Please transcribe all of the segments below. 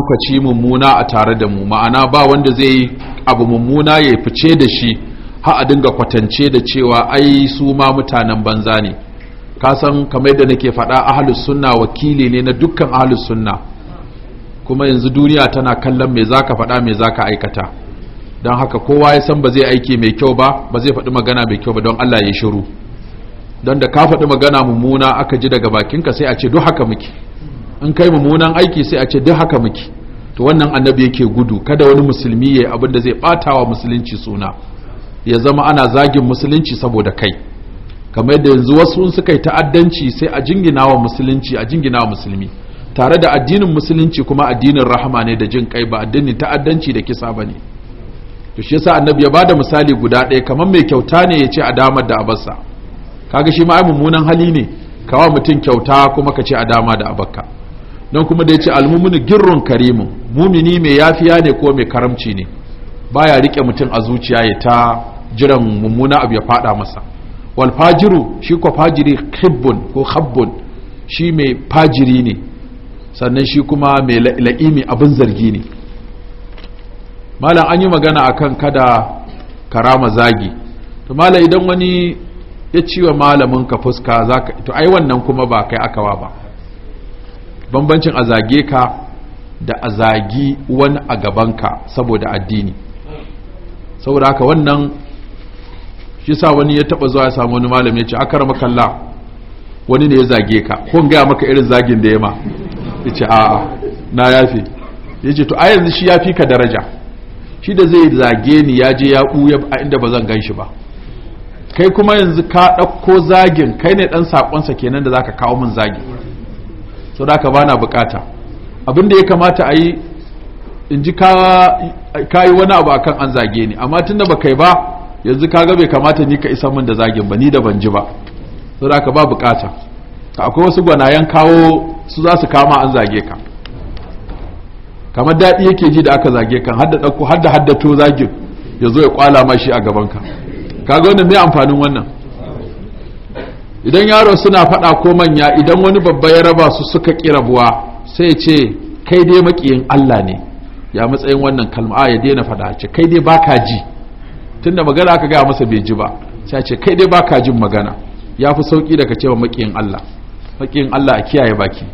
kwankwaci mummuna a tare da mu ma'ana ba wanda zai yi abu mummuna ya fice da shi ha a dinga kwatance da cewa ai su ma mutanen banza ne ka san kamar da nake faɗa ahlus sunna wakili ne na dukkan ahlus sunna kuma yanzu duniya tana kallon me zaka faɗa me zaka aikata don haka kowa ya san ba zai aiki mai kyau ba ba zai faɗi magana mai kyau ba don Allah ya shiru don da ka faɗi magana mummuna aka ji daga bakinka sai a ce duk haka muke in kai mummunan aiki sai a ce duk haka muke to wannan annabi yake gudu kada wani musulmi yayi abin da zai wa musulunci suna ya zama ana zagin musulunci saboda kai kamar yadda yanzu wasu suka kai ta'addanci sai a jingina wa musulunci a jingina wa musulmi tare da addinin musulunci kuma addinin rahama ne da jin kai ba addinin ta'addanci da kisa bane to shi yasa annabi ya bada misali guda ɗaya kamar mai kyauta ne ya ce a damar da abarsa kaga shi ma ai mummunan hali ne wa mutum kyauta kuma ka ce a dama da abarka don kuma da ya ce almumini girrun karimin mumini mai yafiya ne ko mai karamci ne baya rike mutum a zuciya ya ta jiran mummuna abu ya fada masa wal fajiru shi ko fajiri khibbun ko khabbun shi mai fajiri ne sannan shi kuma mai la'imi abin zargi ne malam an yi magana akan kada karama zagi to malam idan wani ya ciwa malamin ka fuska zaka to ai wannan kuma ba kai akawa ba bambancin a zage ka da a zagi wani a gabanka saboda addini saboda haka wannan shi sa wani ya taba zuwa ya samu wani malam ya ce a akar makalla wani ne ya zage ka kun gaya maka irin zagin da ya ma ya ce a'a na yafi ya ce to a yanzu shi ya fi ka daraja shi da zai zage ni ya je ya ɓuya a inda ba zan gan shi ba kai kuma yanzu ka ɗauko zagin kai ne ɗan saƙonsa kenan da za ka kawo min zagin so da ka bana bukata abin da ya kamata a yi in ji ka yi wani abu akan an zage ni amma tun da ba kai ba yanzu ka gabe bai kamata ni ka isa min da zagin ba ni da ban ji ba so da ka ba bukata akwai wasu gwanayen kawo su za su kama an zage ka kamar daɗi yake ji da aka zage kan hadda ɗauko hadda haddato zagin ya zo ya kwala ma shi a ka kaga wannan mai amfanin wannan idan yaro suna faɗa ko manya idan wani babba ya raba su suka ƙi rabuwa sai ce kai dai maƙiyin Allah ne ya matsayin wannan kalma a ya daina faɗa ce kai dai baka ji tunda magana aka gaya masa bai ji ba sai ce kai dai baka jin magana ya fi sauƙi daga cewa maƙiyin Allah maƙiyin Allah a kiyaye baki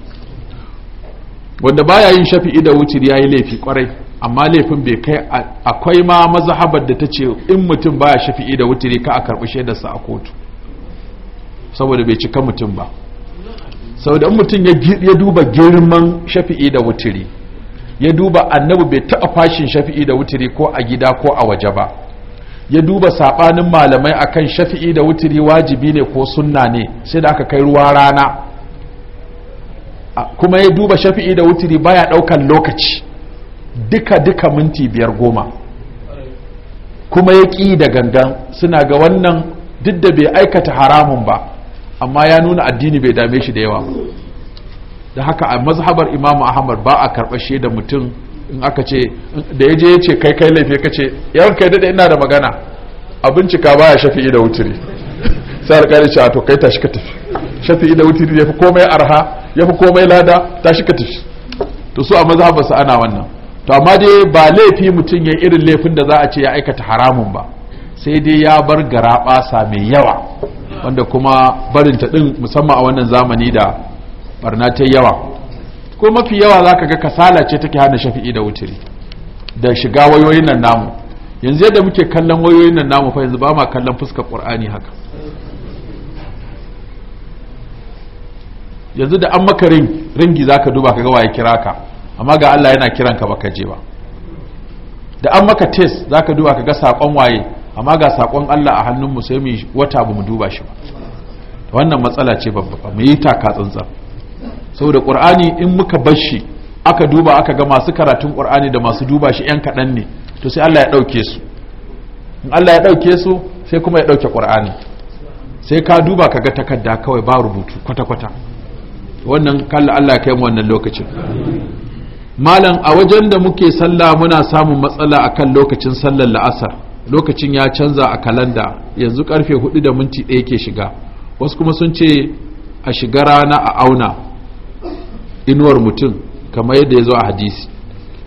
wanda baya yin shafi'i da wucir ya yi laifi kwarai amma laifin bai kai akwai ma mazahabar da ta ce in mutum baya shafi'i da wutiri ka a karɓi shaidarsa a kotu saboda bai cika mutum ba saboda mutum ya duba girman shafi'i da wuturi, ya duba annabi bai taɓa fashin shafi'i da wuturi ko a gida ko a waje ba ya duba saɓanin malamai akan shafi'i da wuturi wajibi ne ko sunna ne sai da aka kai ruwa rana kuma ya duba shafi'i da wuturi baya ɗaukan lokaci duka-duka minti biyar goma kuma ya ƙi da gangan suna ga wannan duk da bai aikata haramun ba amma ya nuna addini bai dame shi da yawa da haka a mazhabar imamu ahmad ba a karɓar shi da mutum in aka ce da ya je ya ce kai kai laifi ka ce yawan kai daɗe ina da magana a bincika ba ya shafi'i da wuturi sai alƙari ce a to kai tashi ka tafi shafi'i da wuturi ya fi komai arha ya fi komai lada tashi ka tafi to su a su ana wannan to amma dai ba laifi mutum ya irin laifin da za a ce ya aikata haramun ba sai dai ya bar garaɓasa mai yawa wanda kuma barinta din musamman a wannan zamani da barna ta yawa ko mafi yawa za ka ga kasala ce take hana shafi'i da wuturi da shiga wayoyin nan namu yanzu yadda muke kallon wayoyin nan namu fa yanzu ba ma kallon fuskar qur'ani haka yanzu da an maka ring ringi zaka duba kaga waye kira ka amma ga Allah yana kiran ka baka je ba da an maka test zaka duba ka ga sakon waye amma ga sakon Allah a hannun mu sai mu wata ba mu duba shi ba wannan matsala ce babba mu yi taka tsantsan saboda qur'ani in muka bar shi aka duba aka ga masu karatun qur'ani da masu duba shi yan kaɗan ne to sai Allah ya ɗauke su in Allah ya ɗauke su sai kuma ya ɗauke qur'ani sai ka duba ka ga takarda kawai ba rubutu kwata-kwata wannan kalla Allah ya kai mu wannan lokacin malam a wajen da muke sallah muna samun matsala akan lokacin sallar la'asar lokacin ya canza a kalanda yanzu karfe 4 da minti 1 ke shiga wasu kuma sun ce a shiga rana a auna inuwar mutum kamar yadda ya zo a hadisi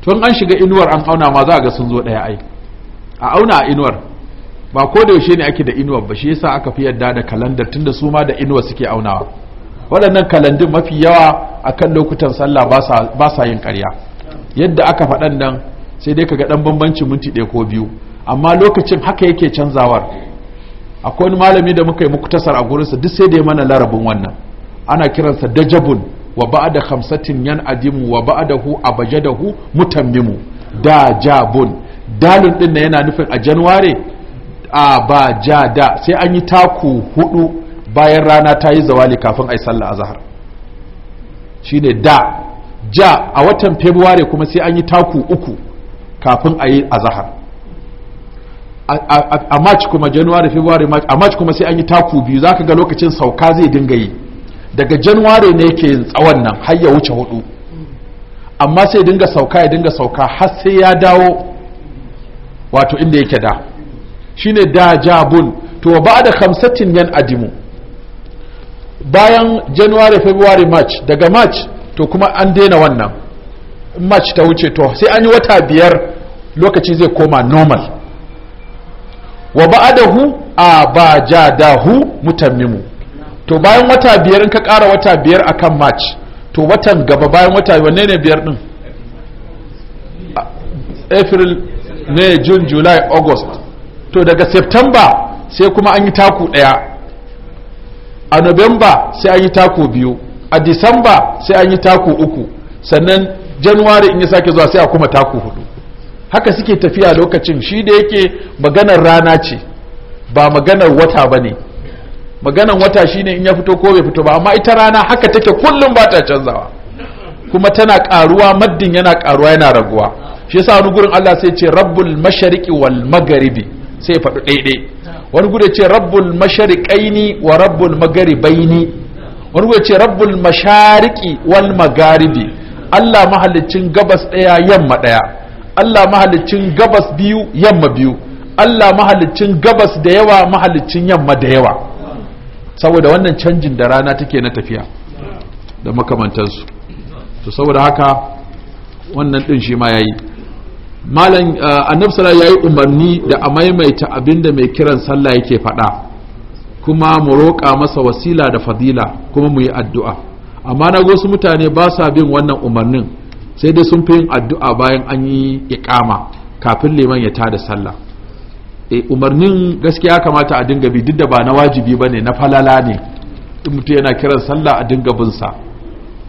tun an shiga inuwar an auna ma za a ga sun zo ɗaya ai a auna a inuwar ba ko da yaushe ne ake da inuwar ba shi yasa aka fi yadda da kalandar tunda su ma da inuwar suke aunawa waɗannan kalandun mafi yawa a kan lokutan sallah ba sa yin ƙarya yadda aka faɗan nan sai dai ka ga ɗan bambancin minti ɗaya ko biyu amma lokacin haka yake canzawar akwai wani malami da muka yi muktasar a gurinsa duk sai da ya mana larabin wannan ana kiransa dajabun wa da hamsatin yan adimu wa da hu Da abajadahu mutammimu dajabun dalin din yana nufin a januware a ba ja da sai an yi taku hudu bayan rana ta yi zawali kafin a yi sallah azhar shine da ja a watan february kuma sai an yi taku uku kafin a yi azahar a march kuma january february march a march kuma sai an yi taku biyu zaka ga lokacin sauka zai dinga yi daga january ne yake tsawon nan har ya wuce hudu amma sai dinga sauka ya dinga sauka har sai ya dawo wato inda yake da shine da jabun to ba da khamsatin yan adimu bayan january february march daga march to kuma an daina wannan march ta wuce to sai an yi wata biyar lokaci zai koma normal wa ba'adahu abajadahu mutammimu to bayan wata biyar in ka ƙara wata biyar akan march to watan gaba bayan wata wanne ne biyar din april ne june july august to daga september sai kuma an yi taku ɗaya a november sai an yi taku biyu a december sai an yi taku uku sannan january in ya sake zuwa sai a kuma taku hudu haka suke tafiya lokacin shi da yake maganar rana ce ba maganar wata ba ne maganar wata shi ne in ya fito ko bai fito ba amma ita rana haka take kullum ba ta canzawa kuma tana karuwa maddin yana karuwa yana raguwa shi yasa wani gurin Allah sai ce rabbul mashariqi wal magharibi sai ya faɗi daidai wani gurin ce rabbul mashariqaini wa rabbul magharibaini wani gurin ce rabbul mashariqi wal magharibi Allah mahallicin gabas daya yamma daya Allah mahalicin gabas biyu yamma biyu Allah mahalicin gabas da yawa mahalicin yamma da yawa saboda wannan canjin da rana take na tafiya da makamantansu to saboda haka wannan din shi ma yayi malam eh, annabi sallallahu yayi umarni da a maimaita abinda mai kiran sallah yake faɗa kuma mu roƙa masa wasila da fadila kuma mu yi addu'a amma na wasu mutane ba sa bin wannan umarnin sai dai sun fi yin addu'a bayan an yi ikama kafin liman ya tada sallah eh umarnin gaskiya kamata a dinga bi duk da ba na wajibi bane na falala ne in mutum yana kiran sallah a dinga bin sa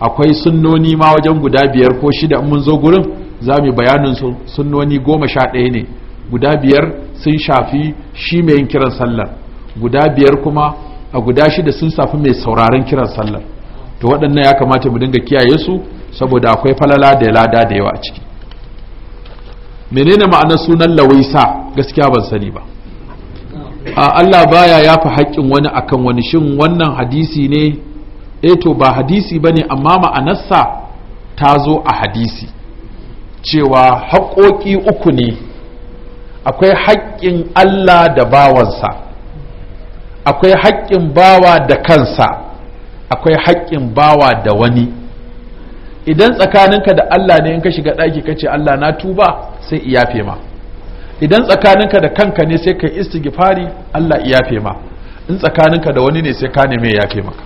akwai sunnoni ma wajen guda biyar ko shida in mun zo gurin za mu bayanin su sunnoni goma sha ɗaya ne guda biyar sun shafi shi mai yin kiran sallar guda biyar kuma a guda shida sun safi mai sauraron kiran sallah to waɗannan ya kamata mu dinga kiyaye su saboda akwai falala da lada da yawa a ciki menene ma'anar sunan lawaisa gaskiya ban sani ba a Allah baya yafi haƙƙin wani akan wani shin wannan hadisi ne eh to ba hadisi ba ne amma ma'anarsa ta zo a hadisi cewa haƙoƙi uku ne akwai haƙƙin Allah da bawansa akwai haƙƙin bawa da kansa akwai haƙƙin bawa da wani idan tsakaninka da Allah ne in ka shiga ɗaki ka ce Allah na tuba sai iyafe ma idan tsakaninka da kanka ne sai ka istighfari Allah iyafe ma in tsakaninka da wani ne sai ka neme yafe maka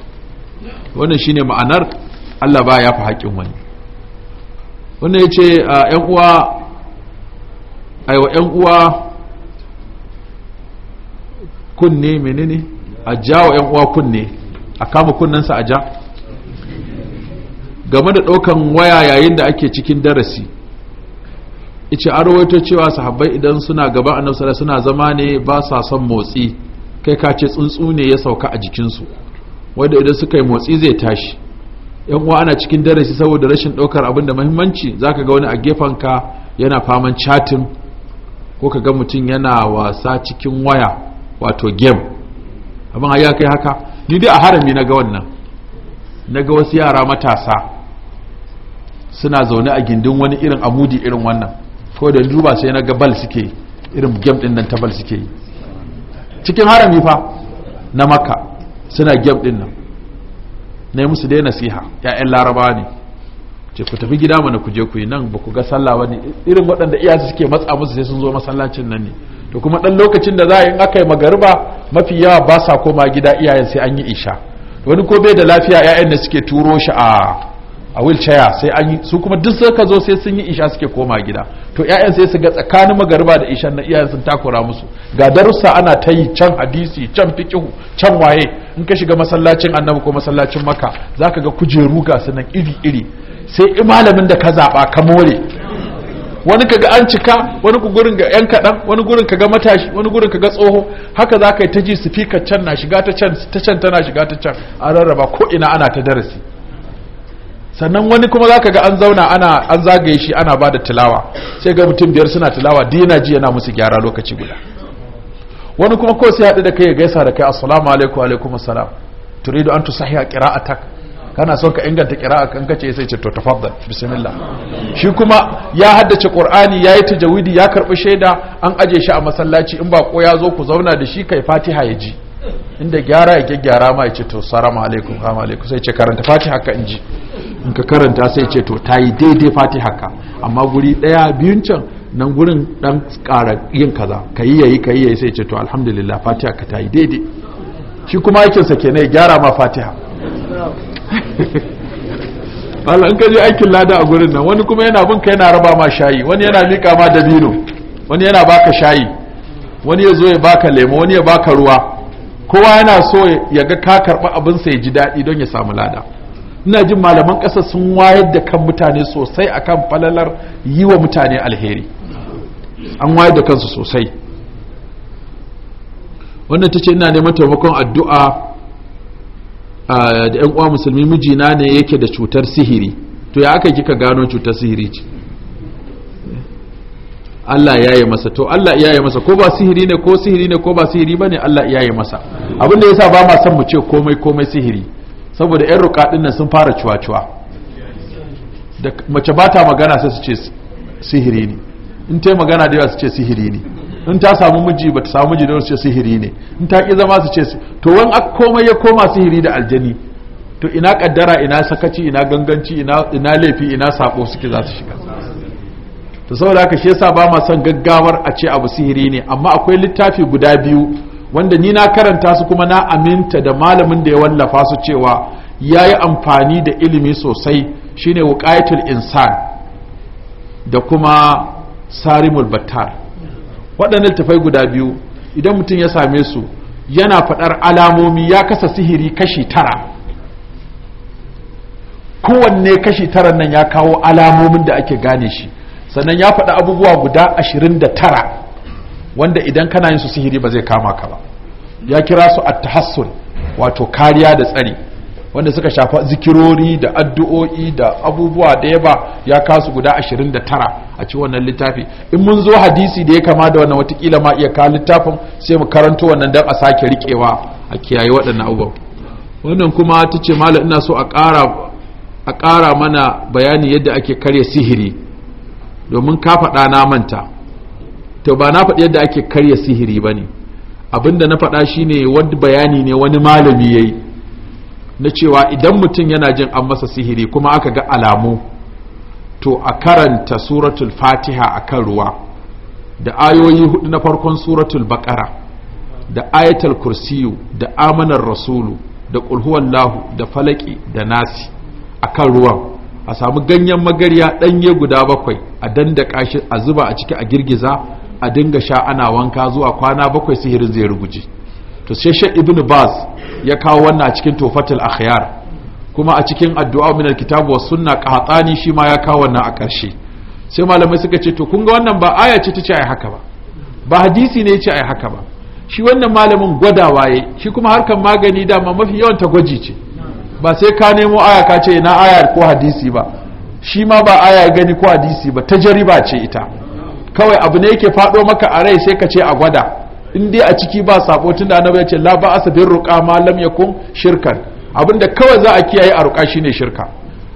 wannan shine ma'anar Allah ba ya fi haƙin wani wannan ya ce ‘yan uwa aiwa ‘yan uwa kunne menene a jawo ‘yan uwa kunne a kama kunnensa a ja’ game da ɗaukan waya yayin da ake cikin darasi ice a rawaito cewa sahabbai idan suna gaba a sallallahu suna zama ne ba sa son motsi kai ka ce tsuntsu ne ya sauka a jikinsu wanda idan suka yi motsi zai tashi yan uwa ana cikin darasi saboda rashin ɗaukar abin da muhimmanci zaka ga wani a gefen ka yana faman chatin ko ka ga mutum yana wasa cikin waya wato game abin ya kai haka ni dai a harami na ga wannan na ga wasu yara matasa suna zaune a gindin wani irin amudi irin wannan ko da duba sai na ga bal suke irin gem din nan ta suke yi cikin harami fa na makka suna gem din nan na musu dai nasiha ya'yan larabawa ne ce ku tafi gida mana ku je ku yi nan ba ku ga sallah ba ne irin waɗanda iyasu suke matsa musu sai sun zo masallacin nan ne to kuma ɗan lokacin da za a yi in aka yi magariba mafi yawa ba sa koma gida iyayen sai an yi isha wani ko bai da lafiya ya'yan da suke turo shi a a wheelchair sai an yi su kuma duk ka zo sai sun yi isha suke koma gida to ƴaƴan sai su ga tsakanin magariba da isha na iyayen sun takura musu ga darussa ana ta yi can hadisi can fiqihu can waye in ka shiga masallacin annabi ko masallacin makka zaka ga kujeru ga su nan iri iri sai malamin da ka zaba ka more wani kaga an cika wani gurin ga yan kaɗan wani gurin kaga matashi wani gurin kaga tsoho haka zaka yi ta ji sifika can na shiga ta can ta can tana shiga ta can an rarraba ko ina ana ta darasi sannan wani kuma zaka ga an zauna ana an zagaye shi ana ba da tilawa sai ga mutum biyar suna tilawa dina ji yana musu gyara lokaci guda wani kuma ko sai haɗu da kai ya gaisa da kai assalamu alaikum alaikum assalam turidu an a qira'atak kana son ka inganta qira'a kan kace sai ce to tafaddal bismillah shi kuma ya haddace qur'ani yayi tajawidi ya karbi shaida an aje shi a masallaci in ba ko ya zo ku zauna da shi kai fatiha ya ji inda gyara ya gyara ma ya ce to salamu alaikum salamu alaikum sai ce karanta fati haka in ji in ka karanta sai ce to ta yi daidai fati haka amma guri daya biyun can nan gurin dan kara yin kaza ka yi yayi ka yi yayi sai ce to alhamdulillah fatiha haka ta yi daidai shi kuma aikinsa kenan ya gyara ma fatiha wala in ka je aikin lada a gurin nan wani kuma yana bin ka yana raba ma shayi wani yana mika ma dabino wani yana baka shayi wani ya zo ya baka lemo wani ya baka ruwa kowa yana so ya ga ka karɓi abinsa ya ji daɗi don ya samu lada ina jin malaman ƙasa sun wayar da kan mutane sosai a kan falalar yi wa mutane alheri an wayar da kansu sosai wannan ta ce ina neman taimakon addu'a da 'yan uwa musulmi mijina ne yake da cutar sihiri to ya aka kika gano cutar sihiri ce Allah ya yi masa to Allah ya yi masa ko ba sihiri ne ko sihiri ne ko ba sihiri bane Allah ya yi masa abin da yasa ba ma san mu ce komai komai sihiri saboda yan ruka nan sun fara cuwa-cuwa da mace ba ta magana sai su ce sihiri ne in ta magana da yawa su ce sihiri ne in ta samu miji ba ta samu miji da su ce sihiri ne in ta ki zama su ce to wani komai ya koma sihiri da aljani to ina kaddara ina sakaci ina ganganci ina laifi ina sako suke za su shiga to saboda haka shi yasa ba ma son gaggawar a ce abu sihiri ne amma akwai littafi guda biyu wanda ni na karanta su kuma na aminta da malamin da ya wallafa su cewa ya yi amfani da ilimi sosai shine wuƙaitul insan da kuma sarimul battar waɗannan littafai guda biyu idan mutum ya same su yana faɗar alamomi ya kasa sihiri kashi tara kowanne kashi tara nan ya kawo alamomin da ake gane shi sannan ya faɗi abubuwa guda ashirin da tara wanda idan kana yin su sihiri ba zai kama ka ba ya kira su attahassun tahassun wato kariya da tsari wanda suka shafa zikirori da addu'o'i da abubuwa da yaba ya kasu guda ashirin 29 a ci wannan littafi in mun zo hadisi da ya kama da wannan watakila ma iya kawo littafin sai mu karanto wannan don a sake riƙewa a kiyaye waɗannan abubuwan wannan kuma ta ce malam ina so a ƙara mana bayani yadda ake karya sihiri domin ka faɗa na manta to ba na faɗi yadda ake karya sihiri ba ne abinda na faɗa shine wani bayani ne wani malami ya yi na cewa idan mutum yana jin an masa sihiri kuma aka ga alamu to a karanta suratul fatiha a kan ruwa da ayoyi hudu na farkon suratul Baƙara da ayatul kursiyu da amanar rasulu da ƙulhuwan lahu da falaki da nasi a kan ruwan a samu ganyen magarya ɗanye guda bakwai a dandaka shi a zuba a ciki a girgiza a dinga sha ana wanka zuwa kwana bakwai sihirin zai ruguje to sai shi ibnu baz ya kawo wannan a cikin tofatul akhyar kuma a cikin addu'a min alkitab was sunna qahtani shi ma ya kawo wannan a ƙarshe sai malamai suka ce to kun ga wannan ba aya ce tace ai haka ba ba hadisi ne yace ai haka ba shi wannan malamin gwadawa yayi shi kuma harkan magani dama mafi yawan ta gwaji ce ba sai ka nemo aya ka ce na aya ko hadisi ba shi ma ba aya gani ko hadisi ba Ta jariba ce ita kawai abu ne yake faɗo maka a rai sai ka ce a gwada in dai a ciki ba sabo tun da annabi ya ce la ba asabir ruqa ma lam yakun shirkan abinda kawai za a kiyaye a ruqa shine shirka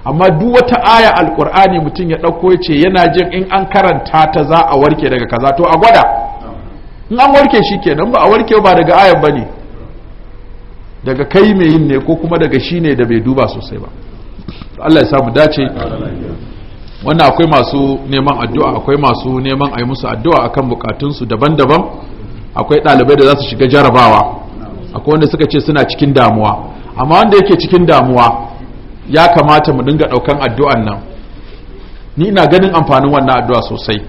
amma duk wata aya alqur'ani mutum ya dauko ya ce yana jin in an karanta ta za a warke daga kaza to a gwada in an warke shi kenan ba a warke ba daga ayar bane daga kai mai yin ne ko kuma daga shi ne da bai duba sosai ba Allah ya samu dace wannan akwai masu neman addu'a akwai masu neman ayi musu addu'a akan bukatunsu daban-daban akwai ɗalibai da za su shiga jarabawa akwai wanda suka ce suna cikin damuwa amma wanda yake cikin damuwa ya kamata mu dinga ɗaukan addu'an nan ni ina ganin amfanin wannan addu'a sosai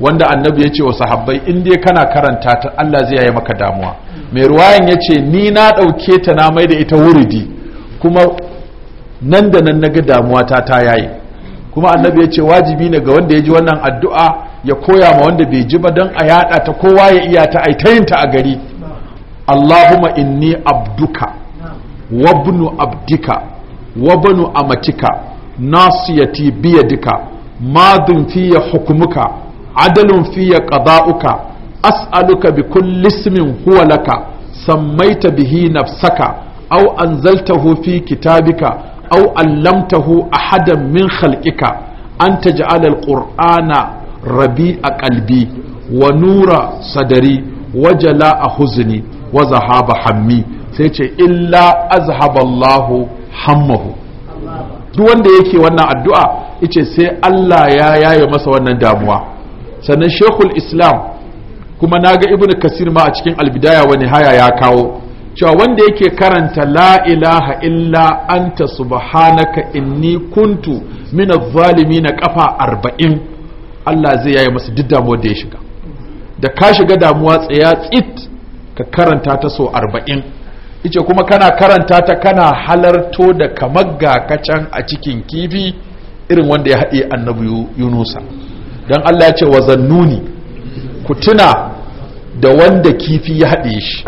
wanda annabi ya ce wa sahabbai in dai kana karanta ta Allah zai yi maka damuwa mai ruwayan ya ce ni na ɗauke ta na mai da ita wuridi kuma nan da nan na ga damuwa ta ta yayi kuma annabi ya ce wajibi ne ga wanda ya ji wannan addu'a ya koya ma wanda bai ji ba don a yada ta kowa ya iya ta ta a gari allahumma inni abduka wabnu abdika wabnu amatika nasiyati biyadika madun fiya hukumuka adalun fiya qada'uka as'aluka bi kulli ismin huwa laka sammaita bihi nafsaka aw anzaltahu fi kitabika aw allamtahu ahadan min khalqika an taj'ala al-qur'ana rabi'a qalbi wa nura sadari wa jala'a huzni wa zahaba hammi sai ce illa azhaballahu hammahu duk wanda yake wannan addu'a ice sai Allah ya yaye masa wannan damuwa sannan shekul islam kuma na ga ibnu kasir ma a cikin albidaya wani haya ya kawo cewa wanda yake karanta la ilaha illa anta subhanaka inni kuntu min na kafa arba'in Allah zai yaye masa duk damuwar da ya shiga da ka shiga damuwa tsaya tsit ka karanta ta so arba'in ice kuma kana karanta ta kana halarto da kamar kacan a cikin kifi irin wanda ya haɗe annabi yunusa don Allah ya ce wa zannuni ku tuna da wanda kifi ya haɗe shi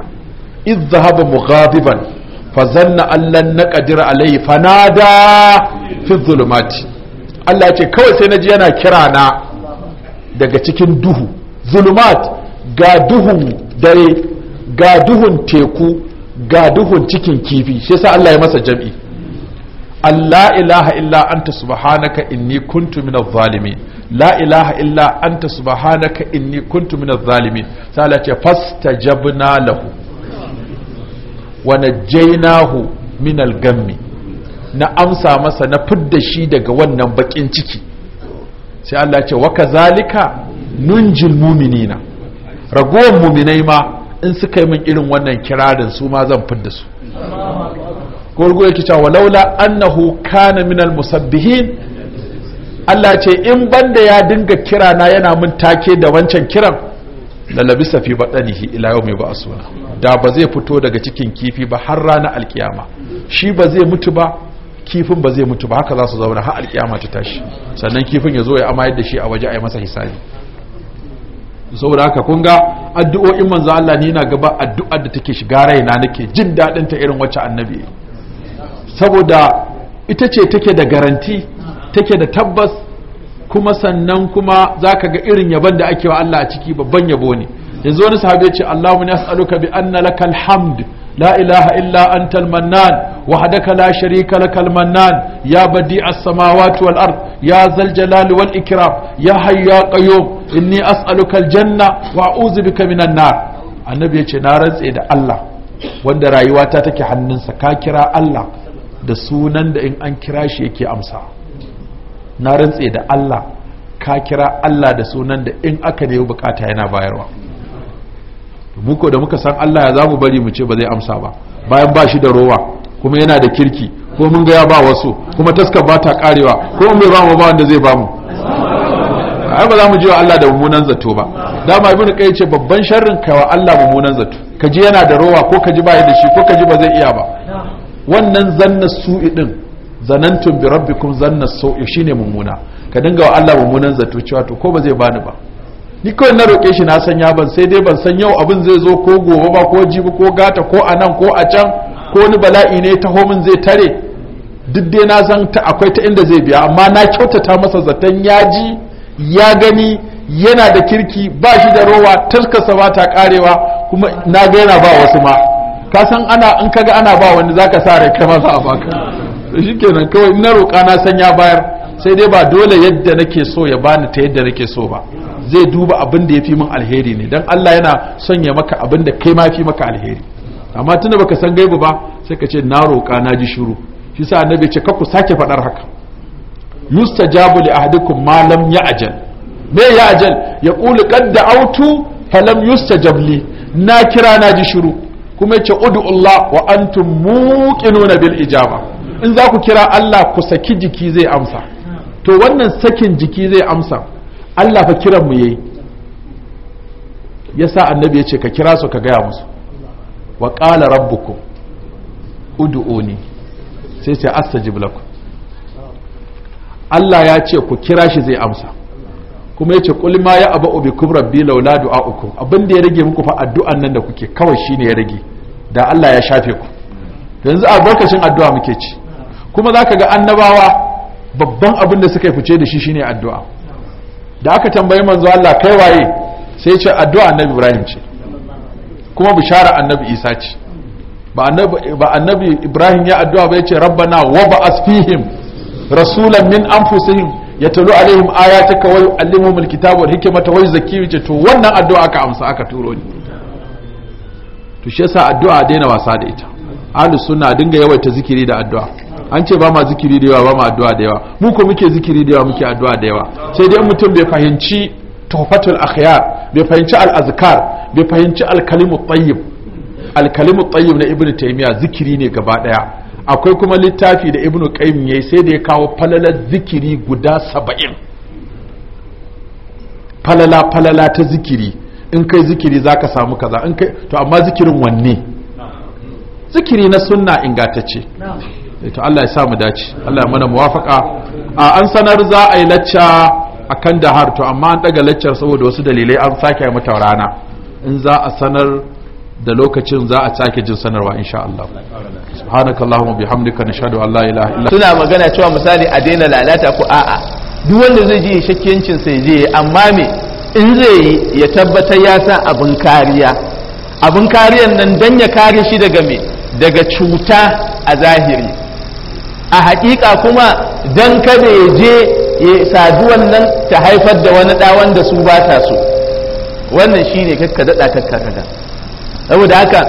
iz zahaba mughadiban fa zanna allan naqdir alayhi nada fi zulumati Allah ce kawai sai naji yana kira na daga cikin duhu zulumat ga duhun dare ga duhun teku ga duhun cikin kifi shi yasa Allah ya masa jam'i Allah ilaha illa anta subhanaka inni kuntu minaz zalimi la ilaha illa anta subhanaka inni kuntu minaz zalimin sai Allah ce fastajabna lahu wa najaynahu minal gammi na amsa masa na fidda shi daga wannan bakin ciki sai Allah ce wa kazalika nunjil mu'minina ragowar mu'minai ma in suka yi min irin wannan kirarin su ma zan fidda su gurgu yake cewa laula annahu kana minal musabbihin Allah ce in banda ya dinga kira na yana mun take da wancan kiran da labisa fi badanihi ila yawmi ba'suna da ba zai fito daga cikin kifi ba har rana alkiyama shi ba zai mutu ba kifin ba zai mutu ba haka za su zauna har alkiyama ta tashi sannan kifin ya zo ya amayar da shi a waje a yi masa hisabi saboda haka kun ga addu'o'in manzo Allah ni na gaba addu'ar da take shiga raina nake jin dadin ta irin wacce annabi saboda ita ce take da garanti take da tabbas kuma sannan kuma za ka ga irin yaban da ake wa Allah a ciki babban yabo ne yanzu wani sahabi ce Allahu ne as'aluka bi anna lakal hamd la ilaha illa anta al-mannan wahdaka la sharika lakal mannan ya badi as-samawati wal ard ya zal jalal wal ikram ya hayy ya qayyum inni as'aluka al-janna wa a'udhu bika minan nar annabi ya ce na rantse da Allah wanda rayuwata take hannunsa ka kira Allah da sunan da in an kira shi yake amsa na rantse da Allah ka kira Allah da sunan da in aka ne bukata yana bayarwa muko da muka san Allah ya za mu bari mu ce ba zai amsa ba bayan ba shi da rowa kuma yana da kirki ko mun ga ya ba wasu kuma taska ba ta karewa ko mun ba mu ba wanda zai ba mu ai ba za mu ji wa Allah da mummunan zato ba dama ibnu kai ce babban sharrin kai wa Allah mummunan zato kaji yana da rowa ko kaji ba da shi ko kaji ba zai iya ba wannan zanna su'i din zanantum bi rabbikum zanna su'i shine mummuna ka dinga wa Allah mummunan zato cewa to ko ba zai bani ba ni kawai na roke shi na san ya ban sai dai ban san yau abin zai zo ko gobe ba ko jibi ko gata ko a nan ko a can ko wani bala'i ne ta homin zai tare duk dai na san ta akwai ta inda zai biya amma na kyautata masa zaton ya ji ya gani yana da kirki ba shi da rowa taskasa ba ta karewa kuma na ga yana ba wasu ma ka san ana in kaga ana ba wani zaka sa rai kai ma za a baka shikenan kawai na roka na san ya bayar sai dai ba dole yadda nake so ya bani ta yadda nake so ba zai duba abin da ya fi min alheri ne dan Allah yana son ya maka abin da kai ma fi maka alheri amma tunda baka san gaibu ba sai ka ce na roƙa na ji shiru shi sa annabi ce ku sake faɗar haka yustajabu li ahadikum ma lam ya'jal me ya'jal ya qulu qad da'awtu falam yustajab li na kira na ji shiru kuma yace ud'ullah wa antum muqinuna bil ijaba in za ku kira Allah ku saki jiki zai amsa to wannan sakin jiki zai amsa Allah fa kiran mu yayi yasa annabi ya ce, ka kira su ka gaya musu wa qala rabbukum ud'uni sai sai astajib lakum Allah ya ce ku kira shi zai amsa kuma yace qul ma ya abu bi kubra rabbi laula du'aukum uku. Abinda ya rage muku fa addu'an nan da kuke kawai shine ya rage da Allah ya shafe ku yanzu albarkacin addu'a muke ci kuma zaka ga annabawa babban abin da suka fice da shi shine addu'a da aka tambayi manzo Allah kai waye sai ce addu'a annabi Ibrahim ce kuma bishara annabi Isa ce ba annabi Ibrahim ya addu'a ba ya ce rabbana wa ba fihim rasulan min anfusihim ya tulu alaihim ayataka wa yu'allimuhum alkitaba wal hikmata wa yuzakkiyu ce to wannan addu'a aka amsa aka turo ni to shi yasa addu'a daina wasa da ita ahlus sunna dinga yawaita zikiri da addu'a an ce ba ma zikiri da yawa ba ma addu'a da yawa mu ko muke zikiri da yawa muke addu'a da yawa sai dai mutum bai fahimci tuhfatul akhyar bai fahimci al azkar bai fahimci al kalimut tayyib al kalimut tayyib na ibnu taymiya zikiri ne gaba ɗaya. akwai kuma littafi da ibnu qayyim yayi sai da ya kawo falalar zikiri guda saba'in falala falala ta zikiri in kai zikiri zaka samu kaza in kai to amma zikirin wanne zikiri na sunna na'am eh, to Allah ya sa mu dace Allah ya mana muwafaka a an sanar za a yi lacca akan dahar to amma an daga laccar saboda wasu dalilai an sake mata rana in za a sanar da lokacin za a sake jin sanarwa insha Allah subhanakallahumma bihamdika nashhadu an la ilaha illa suna magana cewa misali a daina lalata ko a'a duk wanda zai ji shakkiyancin sai je amma me in zai yi ya tabbatar ya san abin kariya abin kariyan nan dan ya kare shi daga me daga cuta a zahiri a hakika kuma dan kada ya je ya sadu nan ta haifar da wani da wanda su ba ta so wannan shine kakka daɗa kakka kada saboda haka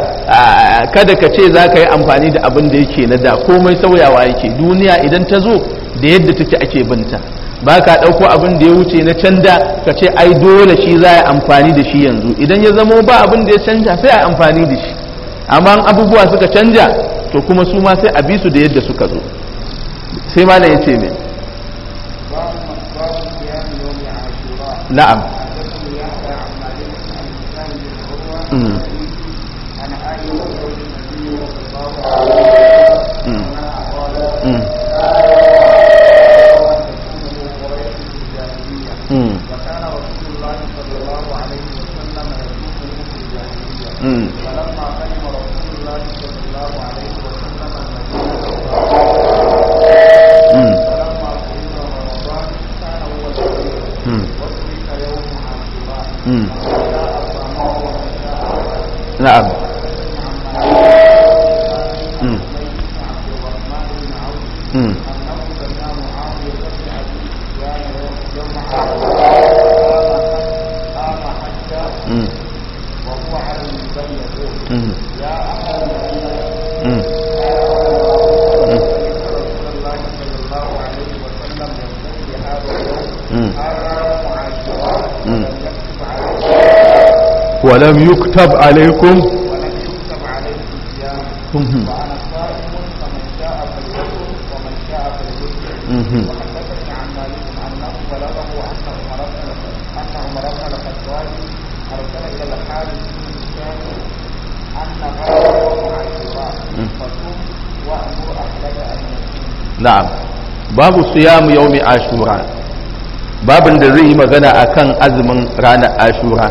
kada ka ce za ka yi amfani da abin da yake na da komai sauyawa yake duniya idan ta zo da yadda take ake binta ba ka ɗauko abin da ya wuce na canza ka ce ai dole shi za a yi amfani da shi yanzu idan ya zamo ba abin da ya canja sai a yi amfani da shi amma abubuwa suka canja to kuma su ma sai a bi su da yadda suka zo sai ma ya ce ne na'am ولم يكتب عليكم وأنا صائم فمن شاء فليكن ومن شاء فليكن وحدثني عن مالك أنه بلغه أرسل إلى أن نعم باب صيام يوم عاشوراء babin da zai yi magana akan azumin ranar ashura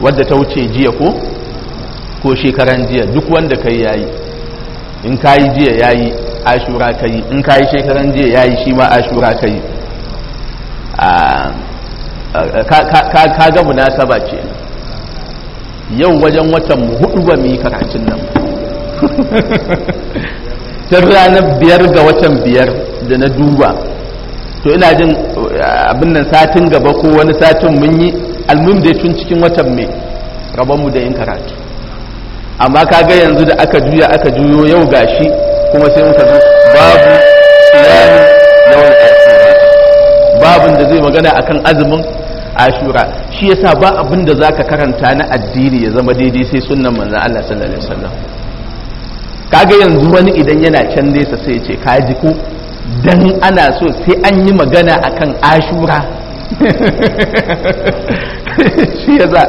wadda ta wuce jiya ko ko shekaran jiya duk wanda kai yayi in ka yi jiya ya yi ashura yi in ka yi shekaran jiya ya yi shi ma ashura yi ka ga munasaba ce yau wajen watan mu hudu ba mu yi karatun nan tun ranar biyar ga watan biyar da na duba to ina jin eh, abin nan satin gaba ko wani satin mun yi almun da tun cikin watan mai rabonmu da yin karatu amma kaga yanzu da aka juya aka juyo yau gashi kuma sai muka zo babu siyami yawan ashura babun da zai magana akan azumin ashura shi yasa ba abin da zaka karanta na addini ya zama daidai sai sunnan manzo Allah sallallahu alaihi wasallam kaga yanzu wani idan yana can nesa sai ya ce ka ko dan ana so sai an yi magana akan ashura shi ya za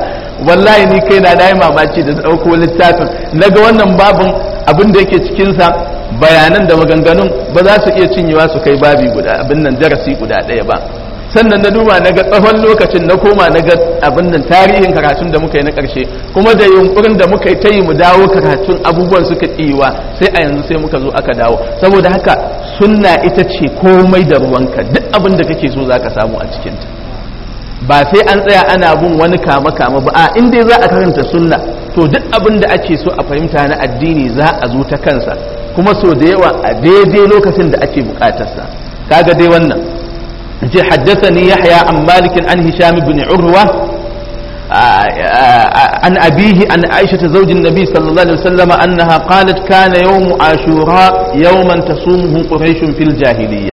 wallahi ni kai na yi mamaci da ɗauko littafin na ga wannan babin abin da yake cikinsa bayanan da maganganun ba za su iya cinyewa su kai babi guda abin nan darasi guda ɗaya ba sannan na duba na ga tsawon lokacin na koma na ga abin nan tarihin karatun da muka yi na ƙarshe kuma da yunkurin da muka yi ta yi mu dawo karatun abubuwan suka ƙiwa sai a yanzu sai muka zo aka dawo saboda haka sunna ita ce komai da ruwanka duk abin da kake so za ka samu a cikinta ba sai an tsaya ana bin wani kama-kama ba a inda za a karanta sunna to duk abin da ake so a fahimta na addini za a zo ta kansa kuma so da yawa a daidai lokacin da ake bukatarsa kaga dai wannan ji haddasa ni yahya an malikin an hisham ibn urwa آه، آه، آه، عن أبيه عن عائشة زوج النبي صلى الله عليه وسلم أنها قالت كان يوم عاشوراء يوما تصومه قريش في الجاهلية